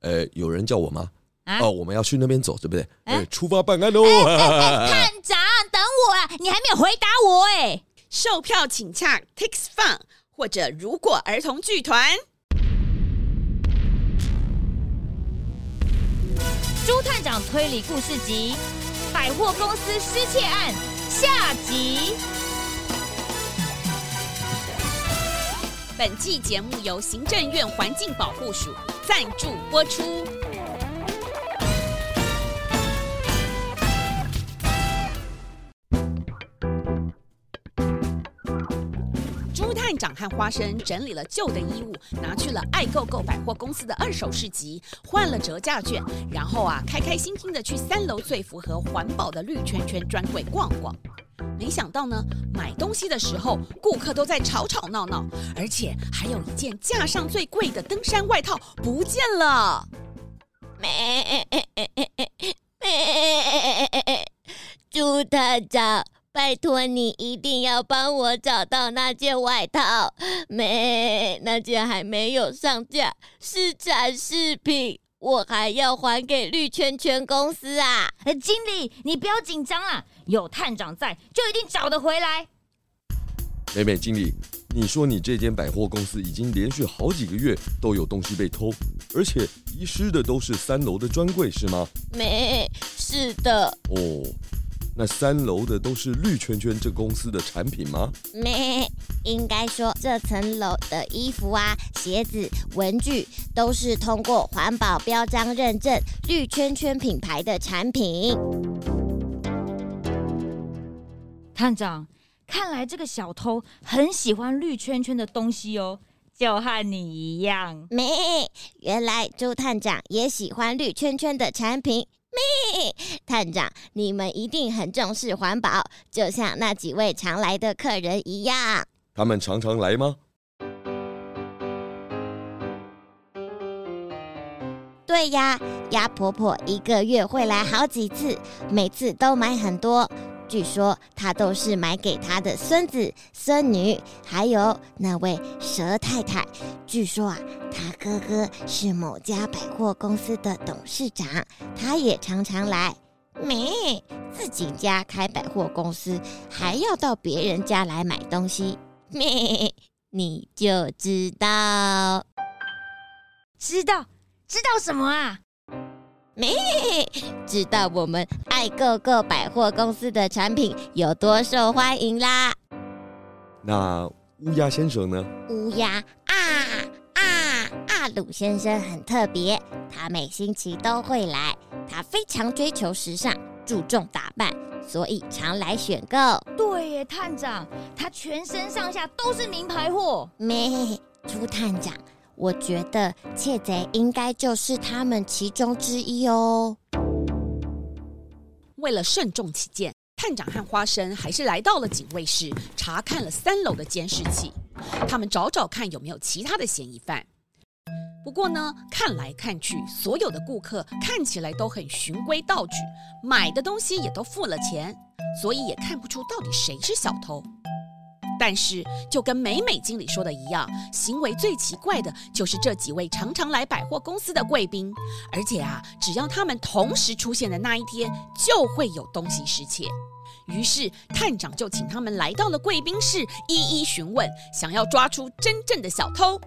呃，有人叫我嗎？啊，哦，我們要去那邊走，對不對？哎、啊呃，出發辦案嘍、欸欸欸！探長，等我啊，你還沒有回答我哎、欸。售票請洽 Tix Fun，或者如果兒童劇團。豬探長推理故事集，百貨公司失竊案下集。本季節目由行政院環境保護署贊助播出。豬探長和花生整理了舊的衣物，拿去了愛 GOGO 百貨公司的二手市集，換了折價券，然後啊，開開心心的去三樓最符合環保的綠圈圈專櫃逛逛。沒想到呢，買東西的時候，顧客都在吵吵鬧鬧，而且還有一件架上最貴的登山外套不見了。沒，豬探長，拜託你一定要幫我找到那件外套。沒，那件還沒有上架，是展示品。我還要還給綠圈圈公司啊！經理，你不要緊張啊，有探長在，就一定找得回來。美美，經理，你說你這間百貨公司已經連續好幾個月都有東西被偷，而且遺失的都是三樓的專櫃，是嗎？沒，是的。哦。那三樓的都是綠圈圈這公司的產品嗎？沒，應該說這層樓的衣服啊、鞋子、文具都是通過環保標章認證綠圈圈品牌的產品。探長，看來這個小偷很喜歡綠圈圈的東西哦，就和你一樣。沒，原來豬探長也喜歡綠圈圈的產品。咪探長，你們一定很重視環保，就像那幾位常來的客人一樣。他們常常來嗎？對呀，鴨婆婆一個月會來好幾次，每次都買很多。據說他都是買給他的孫子、孫女，還有那位蛇太太。據說啊，他哥哥是某家百貨公司的董事長，他也常常來。咩，自己家開百貨公司，還要到別人家來買東西，咩你就知道，知道知道什麼啊？咩？知道我們愛 GOGO 百貨公司的產品有多受歡迎啦？那烏鴉先生呢？烏鴉啊啊啊！啊魯先生很特別，他每星期都會來，他非常追求時尚，注重打扮，所以常來選購。對耶，探長，他全身上下都是名牌貨。咩？豬探長。我覺得竊賊應該就是他們其中之一哦。為了慎重起見，探長和花生還是來到了警衛室，查看了三樓的監視器。他們找找看有沒有其他的嫌疑犯。不過呢，看來看去，所有的顧客看起來都很循規蹈矩，買的東西也都付了錢，所以也看不出到底誰是小偷。但是，就跟美美經理說的一樣，行為最奇怪的就是這幾位常常來百貨公司的貴賓。而且啊，只要他們同時出現的那一天，就會有東西失竊。於是，探長就請他們來到了貴賓室，一一詢問，想要抓出真正的小偷。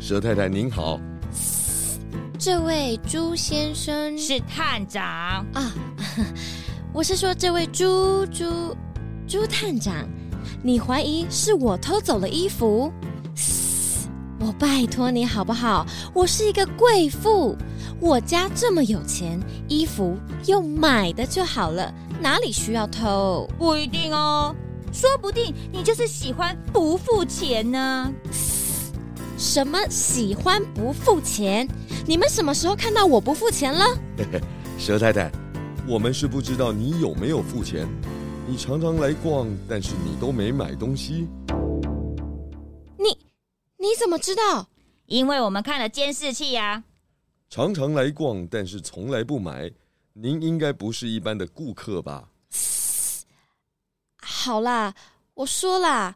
佘太太您好，這位豬先生是探長啊，我是說這位豬豬。豬探長，你懷疑是我偷走了衣服？嘶，我拜托你好不好？我是一個貴婦，我家這麼有錢，衣服用買的就好了，哪裡需要偷？不一定哦，說不定你就是喜歡不付錢呢、啊。什麼喜歡不付錢？你們什麼時候看到我不付錢了？ 蛇太太，我們是不知道你有沒有付錢。你常常來逛，但是你都沒買東西。你你怎麼知道？因為我們看了監視器呀，常常來逛，但是從來不買。您應該不是一般的顧客吧？好啦，我說啦，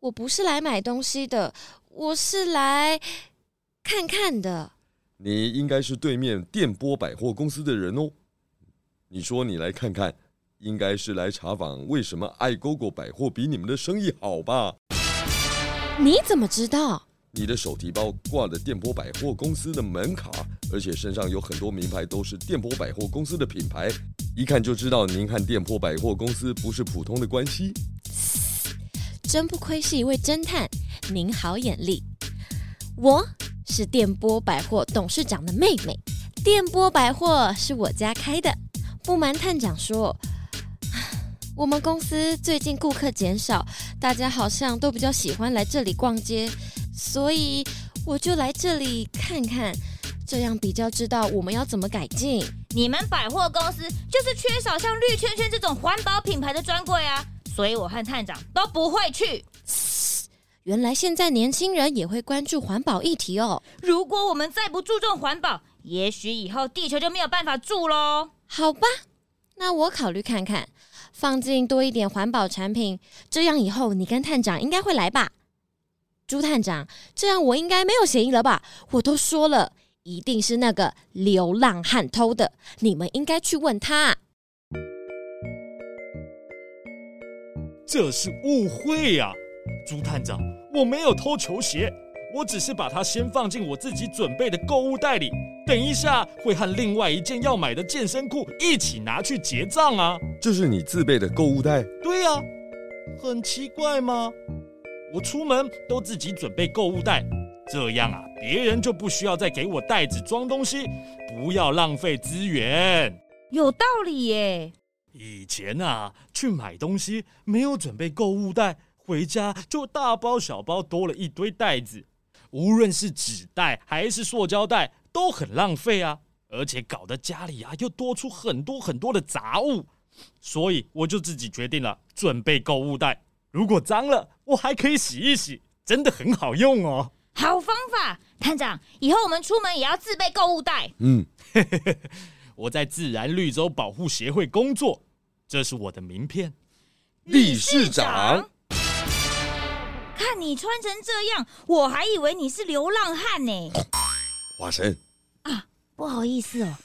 我不是來買東西的，我是來看看的。你應該是對面電波百貨公司的人哦。你說你來看看。應該是來查訪，為什麼愛 GOGO 百貨比你們的生意好吧？你怎麼知道？你的手提包掛了電波百貨公司的門卡，而且身上有很多名牌，都是電波百貨公司的品牌，一看就知道您和電波百貨公司不是普通的關係。真不愧是一位偵探，您好眼力。我是電波百貨董事長的妹妹，電波百貨是我家開的。不瞞探長說，我們公司最近顧客減少，大家好像都比較喜歡來這裡逛街，所以我就來這裡看看，這樣比較知道我們要怎麼改進。你們百貨公司就是缺少像綠圈圈這種環保品牌的專櫃啊，所以我和探長都不會去。原來現在年輕人也會關注環保議題哦。如果我們再不注重環保，也許以後地球就沒有辦法住嘍。好吧，那我考慮看看。放進多一點環保產品，這樣以後你跟探長應該會來吧？豬探長，這樣我應該沒有嫌疑了吧？我都說了，一定是那個流浪漢偷的，你們應該去問他。這是誤會呀、啊，豬探長，我沒有偷球鞋。我只是把它先放進我自己準備的購物袋裡，等一下會和另外一件要買的健身褲一起拿去結賬啊。這是你自備的購物袋？對啊，很奇怪嗎？我出門都自己準備購物袋。這樣啊，別人就不需要再給我袋子裝東西，不要浪費資源。有道理耶。以前啊，去買東西沒有準備購物袋，回家就大包小包多了一堆袋子。無論是紙袋還是塑膠袋都很浪費啊，而且搞得家裡啊又多出很多很多的雜物，所以我就自己決定了準備購物袋。如果髒了，我還可以洗一洗，真的很好用哦。好方法，探長，以後我們出門也要自備購物袋。嗯， 我在自然綠洲保護協會工作，這是我的名片，理事長。看你穿成這樣，我還以為你是流浪漢呢。花、啊、生啊，不好意思哦。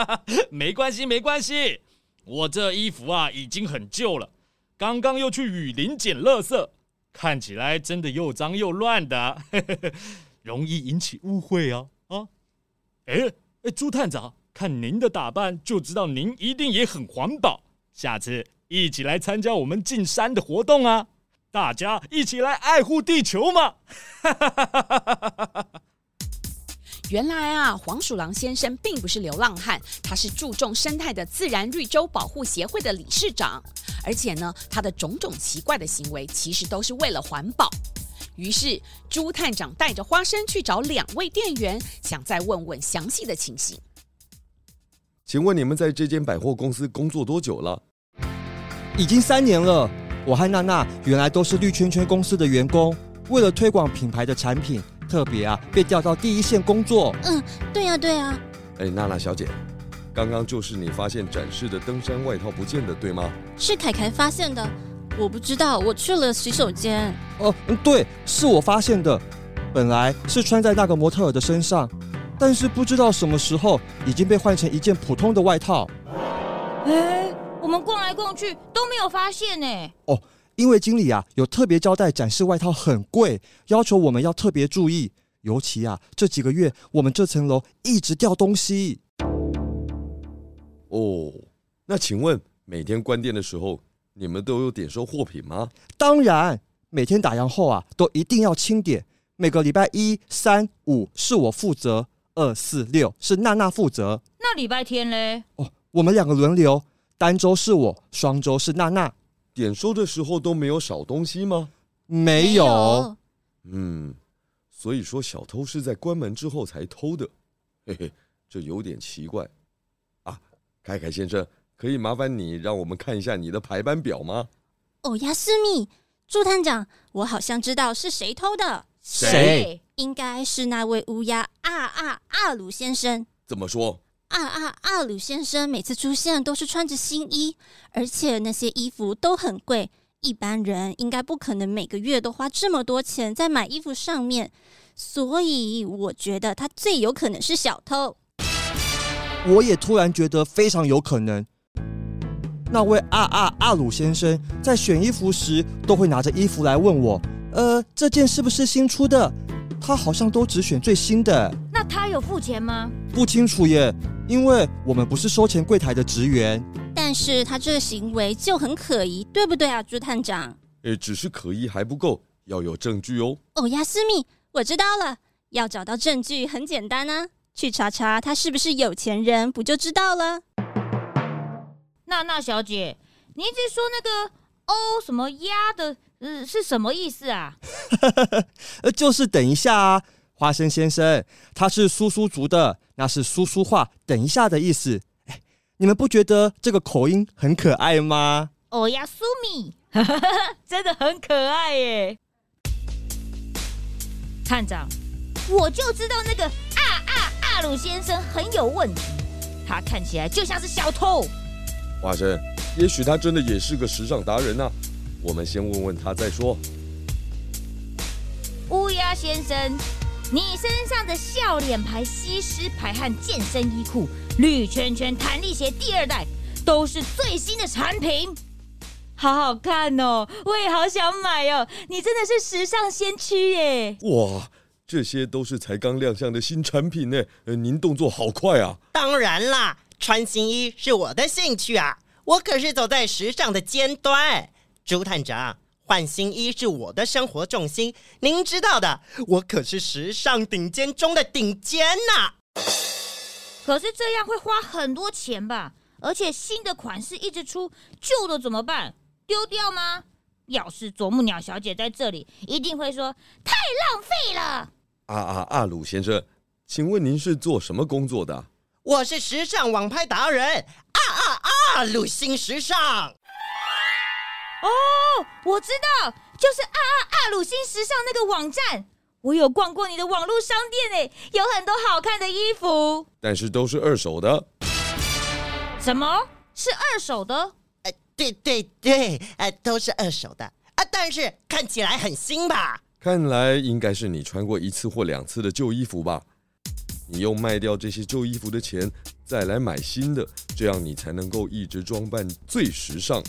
沒關係，沒關係。我這衣服啊已經很舊了，剛剛又去雨林撿垃圾，看起來真的又髒又亂的， 容易引起誤會啊啊誒！誒，朱探長，看您的打扮就知道您一定也很環保，下次一起來參加我們進山的活動啊。大家一起來愛護地球嘛！ 原來啊，黃鼠狼先生並不是流浪漢，他是注重生態的自然綠洲保護協會的理事長。而且呢，他的種種奇怪的行為，其實都是為了環保。於是，朱探長帶着花生去找兩位店員，想再問問詳細的情形。請問你們在這間百貨公司工作多久了？已經三年了。我和娜娜原來都是綠圈圈公司的員工，為了推廣品牌的產品，特別啊被調到第一線工作。嗯，對呀，對呀。哎，娜娜小姐，剛剛就是你發現展示的登山外套不見了，對嗎？是凱凱發現的，我不知道，我去了洗手間。哦，對，是我發現的。本來是穿在那個模特兒的身上，但是不知道什麼時候已經被換成一件普通的外套。誒。我們逛來逛去都沒有發現呢。哦，因為經理啊有特別交代，展示外套很貴，要求我們要特別注意。尤其啊，這幾個月我們這層樓一直掉東西。哦，那請問每天關店的時候，你們都有點收貨品嗎？當然，每天打烊後啊，都一定要清點。每個禮拜一、三、五是我負責，二、四、六是娜娜負責。那禮拜天嘞？哦，我們兩個輪流。單周是我，雙周是娜娜。點收的時候都沒有少東西嗎？沒有。沒有嗯，所以說小偷是在關門之後才偷的。嘿嘿，這有點奇怪啊！凱凱先生，可以麻煩你讓我們看一下你的排班表嗎？哦，亞斯密，豬探長，我好像知道是誰偷的。誰？誰應該是那位烏鴉啊啊啊！啊啊魯先生，怎麼說？啊啊啊魯先生每次出現都是穿着新衣，而且那些衣服都很貴，一般人應該不可能每個月都花這麼多錢在買衣服上面，所以我覺得他最有可能是小偷。我也突然覺得非常有可能，那位啊啊啊魯先生在選衣服時都會拿着衣服來問我：“呃，這件是不是新出的？”他好像都只選最新的。那他有付錢嗎？不清楚耶，因為我們不是收錢櫃台的職員。但是他這個行為就很可疑，對不對啊，豬探長？誒，只是可疑還不夠，要有證據哦。哦，亞斯密，我知道了，要找到證據很簡單啊，去查查他是不是有錢人，不就知道了？娜娜小姐，你一直說那個哦什麼呀的，呃，是什麼意思啊？呃， 就是等一下啊。花生先生，他是叔叔族的，那是叔叔話，等一下的意思。哎，你們不覺得這個口音很可愛嗎？哦呀，蘇米，真的很可愛耶！探長，我就知道那個阿阿阿魯先生很有問題，他看起來就像是小偷。花生，也許他真的也是個時尚達人呢啊。我們先問問他再說。烏鴉先生。你身上的笑臉牌、西施牌和健身衣褲、綠圈圈彈力鞋第二代，都是最新的產品，好好看哦！我也好想買哦！你真的是時尚先驅耶！哇，這些都是才剛亮相的新產品呢！呃，您動作好快啊！當然啦，穿新衣是我的興趣啊！我可是走在時尚的尖端，豬探長。換新衣是我的生活重心，您知道的，我可是時尚頂尖中的頂尖吶，啊。可是這樣會花很多錢吧？而且新的款式一直出，舊的怎麼辦？丟掉嗎？要是啄木鳥小姐在這裡，一定會說太浪費了。啊啊啊！魯先生，請問您是做什麼工作的？我是時尚網拍達人。啊啊啊！魯新時尚。哦，我知道，就是阿阿阿魯新時尚那個網站，我有逛過你的網絡商店呢，有很多好看的衣服，但是都是二手的。什麼是二手的？呃、對對對、呃，都是二手的、啊、但是看起來很新吧？看來應該是你穿過一次或兩次的舊衣服吧？你用賣掉這些舊衣服的錢再來買新的，這樣你才能夠一直裝扮最時尚。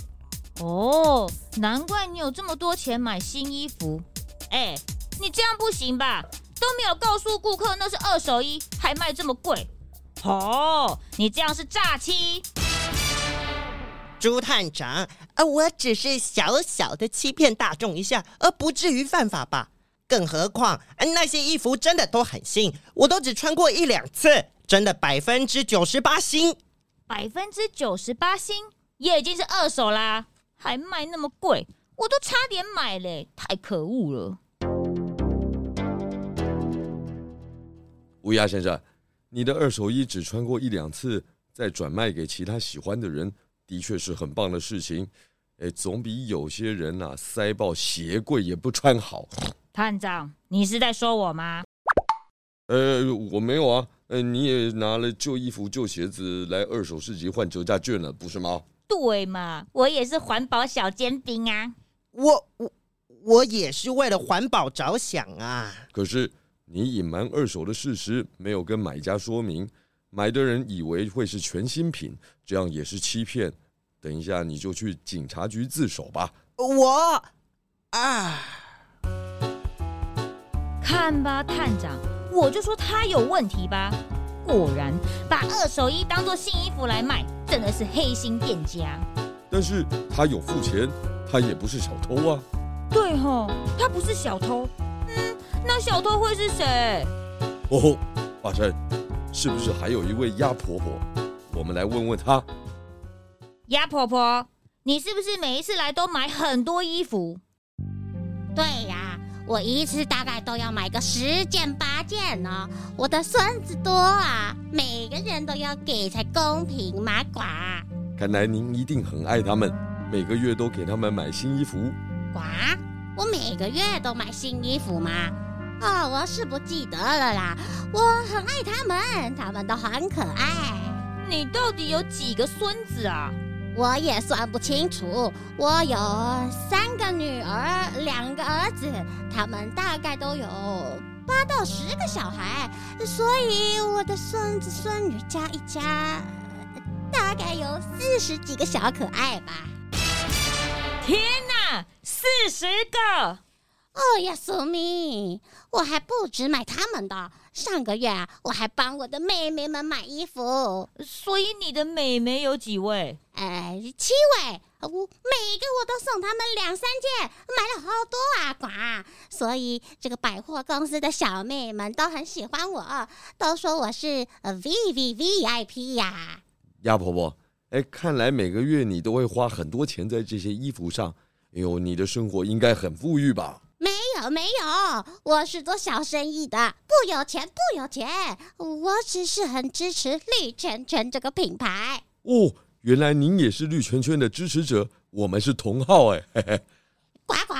哦，難怪你有這麼多錢買新衣服。哎、欸，你這樣不行吧？都沒有告訴顧客那是二手衣，還賣這麼貴。哦，你這樣是詐欺。豬探長，呃，我只是小小的欺騙大眾一下，而不至於犯法吧？更何況，那些衣服真的都很新，我都只穿過一兩次，真的百分之九十八新。百分之九十八新也已經是二手啦。還賣那麼貴，我都差點買嘞，太可惡了！烏鴉先生，你的二手衣只穿過一兩次，再轉賣給其他喜歡的人，的確是很棒的事情。哎，總比有些人吶，啊，塞爆鞋櫃也不穿好。探長，你是在說我嗎？呃，我沒有啊，呃，你也拿了舊衣服、舊鞋子來二手市集換折價券了，不是嗎？對嘛，我也是環保小尖兵啊！我我我也是為了環保着想啊！可是你隱瞞二手的事實，沒有跟買家說明，買的人以為會是全新品，這樣也是欺騙。等一下你就去警察局自首吧！我啊，看吧，探長，我就說他有問題吧，果然把二手衣當做新衣服來賣。真的是黑心店家，但是他有付錢，他也不是小偷啊。對哦，他不是小偷，嗯，那小偷會是誰？哦，阿珍，是不是還有一位鴨婆婆？我們來問問她。鴨婆婆，你是不是每一次來都買很多衣服？對呀、啊。我一次大概都要買個十件八件呢、哦，我的孫子多啊，每個人都要給才公平嘛，呱。看來您一定很愛他們，每個月都給他們買新衣服，呱？我每個月都買新衣服嗎？哦，我是不記得了啦，我很愛他們，他們都很可愛。你到底有幾個孫子啊？我也算不清楚，我有三個女兒，兩個兒子，他們大概都有八到十個小孩，所以我的孫子孫女加一加，大概有四十幾個小可愛吧。天哪，四十個！哦呀，蘇米，我還不止買他們的。上個月啊，我還幫我的妹妹們買衣服，所以你的妹妹有幾位？哎、呃，七位，我每個我都送他們兩三件，買了好多啊，呱！所以這個百貨公司的小妹們都很喜歡我，都說我是 VVVIP、啊、呀。鴨婆婆，哎，看來每個月你都會花很多錢在這些衣服上。哎呦，你的生活應該很富裕吧？我沒有，我是做小生意的，不有錢不有錢，我只是很支持綠圈圈這個品牌。哦，原來您也是綠圈圈的支持者，我們是同好哎。嘿嘿，呱呱，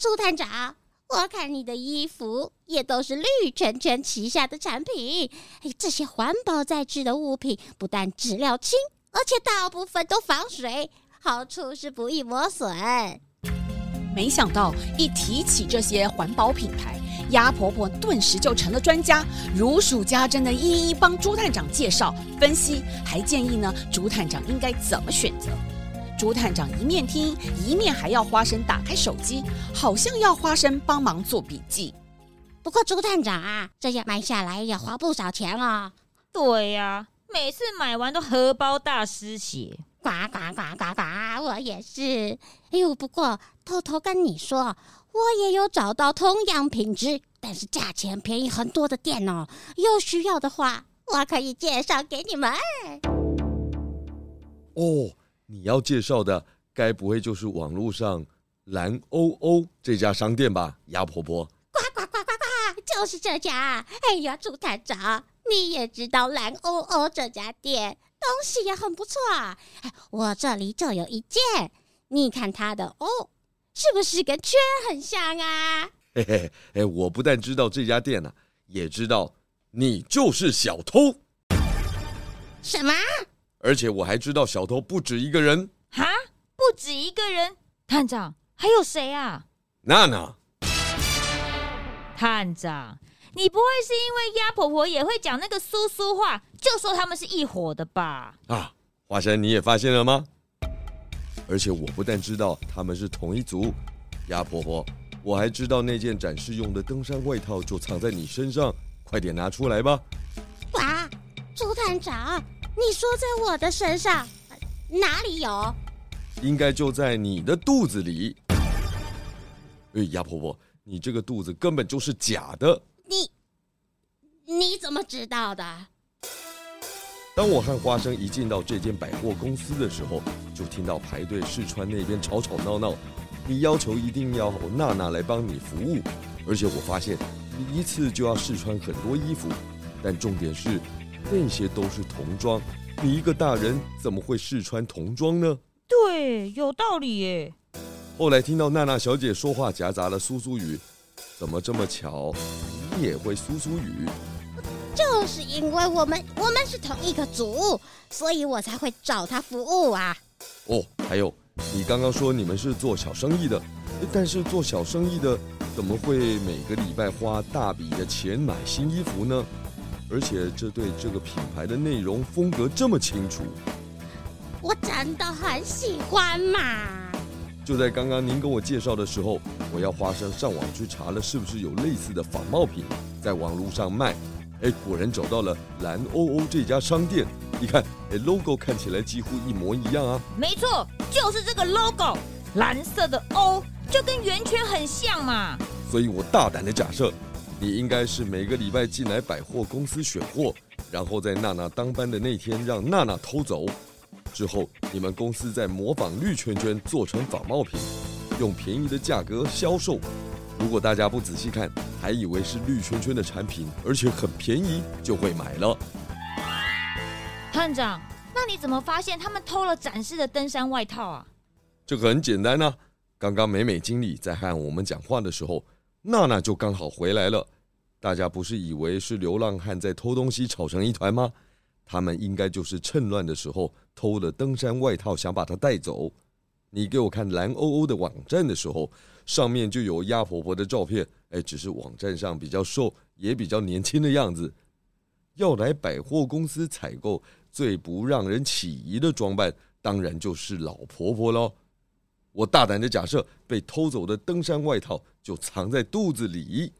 豬探長，我看你的衣服也都是綠圈圈旗下的產品。這些環保材質的物品不但質料輕，而且大部分都防水，好處是不易磨損。沒想到一提起這些環保品牌，鴨婆婆頓時就成了專家，如數家珍的一一幫朱探長介紹、分析，還建議呢，朱探長應該怎麼選擇。朱探長一面聽，一面還要花生打開手機，好像要花生幫忙做筆記。不過朱探長啊，這些買下來也花不少錢、哦、啊。對呀，每次買完都荷包大失血。呱呱呱呱呱！我也是。哎呦，不過偷偷跟你說，我也有找到同樣品質，但是價錢便宜很多的店哦。有需要的話，我可以介紹給你們。哦，你要介紹的，該不會就是網絡上藍歐歐這家商店吧？鴨婆婆。呱呱呱呱呱！就是這家。哎呀，豬探長，你也知道藍歐歐這家店。東西也很不錯啊，我這裡就有一件，你看他的哦，是不是跟圈很像啊？嘿嘿，哎，我不但知道這家店呢、啊，也知道你就是小偷。什麼？而且我還知道小偷不止一個人。啊，不止一個人，探長，還有誰啊？娜娜呢。探長，你不會是因為鴨婆婆也會講那個蘇蘇話？就說他們是一夥的吧。啊，花生，你也發現了嗎？而且我不但知道他們是同一組，鴨婆婆，我還知道那件展示用的登山外套就藏在你身上，快點拿出來吧。哇！豬探長，你說在我的身上哪裡有？應該就在你的肚子裡。哎，鴨婆婆，你這個肚子根本就是假的。你你怎麼知道的？當我和花生一進到這間百貨公司的時候，就聽到排隊試穿那邊吵吵鬧鬧鬧。你要求一定要娜娜來幫你服務，而且我發現你一次就要試穿很多衣服，但重點是那些都是童裝，你一個大人怎麼會試穿童裝呢？對，有道理耶。後來聽到娜娜小姐說話夾雜了蘇蘇語，怎麼這麼巧，你也會蘇蘇語？就是因為我們我們是同一個組，所以我才會找他服務啊。哦，還有，你剛剛說你們是做小生意的，但是做小生意的怎麼會每個禮拜花大筆的錢買新衣服呢？而且這對這個品牌的內容風格這麼清楚，我真的很喜歡嘛。就在剛剛您跟我介紹的時候，我要花生上網去查了，是不是有類似的仿冒品在網絡上賣。誒，果然找到了藍歐歐這家商店。你看，誒，logo 看起來幾乎一模一樣啊。沒錯，就是這個 logo，藍色的 O 就跟圓圈很像嘛。所以我大膽的假設，你應該是每個禮拜進來百貨公司選貨，然後在娜娜當班的那天讓娜娜偷走，之後你們公司在模仿綠圈圈做成仿冒品，用便宜的價格銷售。如果大家不仔細看，還以為是綠圈圈的產品，而且很便宜，就會買了。探長，那你怎麼發現他們偷了展示的登山外套啊？這個很簡單啊，剛剛美美經理在和我們講話的時候，娜娜就剛好回來了。大家不是以為是流浪漢在偷東西，吵成一團嗎？他們應該就是趁亂的時候偷了登山外套，想把它帶走。你給我看愛 GOGO 的網站的時候，上面就有鴨婆婆的照片。哎，只是網站上比較瘦，也比較年輕的樣子。要來百貨公司採購最不讓人起疑的裝扮，當然就是老婆婆嘍。我大膽的假設，被偷走的登山外套就藏在肚子裡。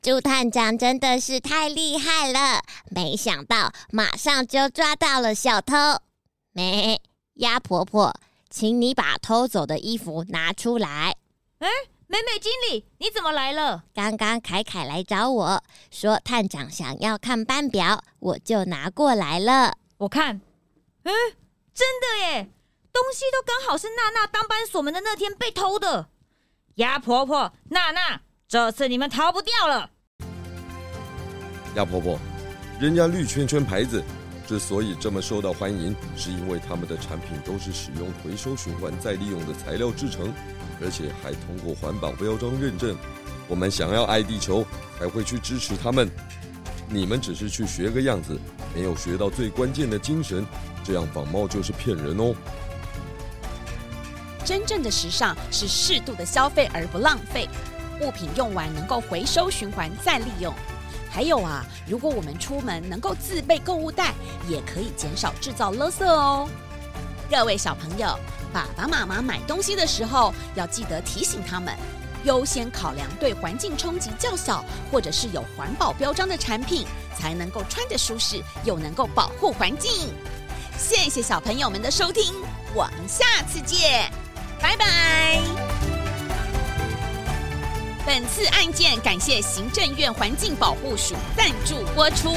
豬探長真的是太厲害了，沒想到馬上就抓到了小偷。沒、哎、鴨婆婆，請你把偷走的衣服拿出來。誒、哎，美美經理，你怎麼來了？剛剛凱凱來找我說探長想要看班表，我就拿過來了。我看，誒、哎，真的耶，東西都剛好是娜娜當班鎖門的那天被偷的。鴨婆婆，娜娜。這次你們逃不掉了，鴨婆婆，人家綠圈圈牌子之所以這麼受到歡迎，是因為他們的產品都是使用回收循環再利用的材料制成，而且還通過環保標章認證。我們想要愛地球，才會去支持他們。你們只是去學個樣子，沒有學到最關鍵的精神，這樣仿冒就是騙人哦。真正的時尚是適度的消費而不浪費。物品用完能夠回收循環再利用，還有啊，如果我們出門能夠自備購物袋，也可以減少制造垃圾哦。各位小朋友，爸爸媽媽買東西的時候要記得提醒他們，優先考量對環境衝擊較小，或者是有環保標章的產品，才能夠穿着舒適又能夠保護環境。謝謝小朋友們的收聽，我們下次見，拜拜。本次案件感謝行政院環境保護署贊助播出。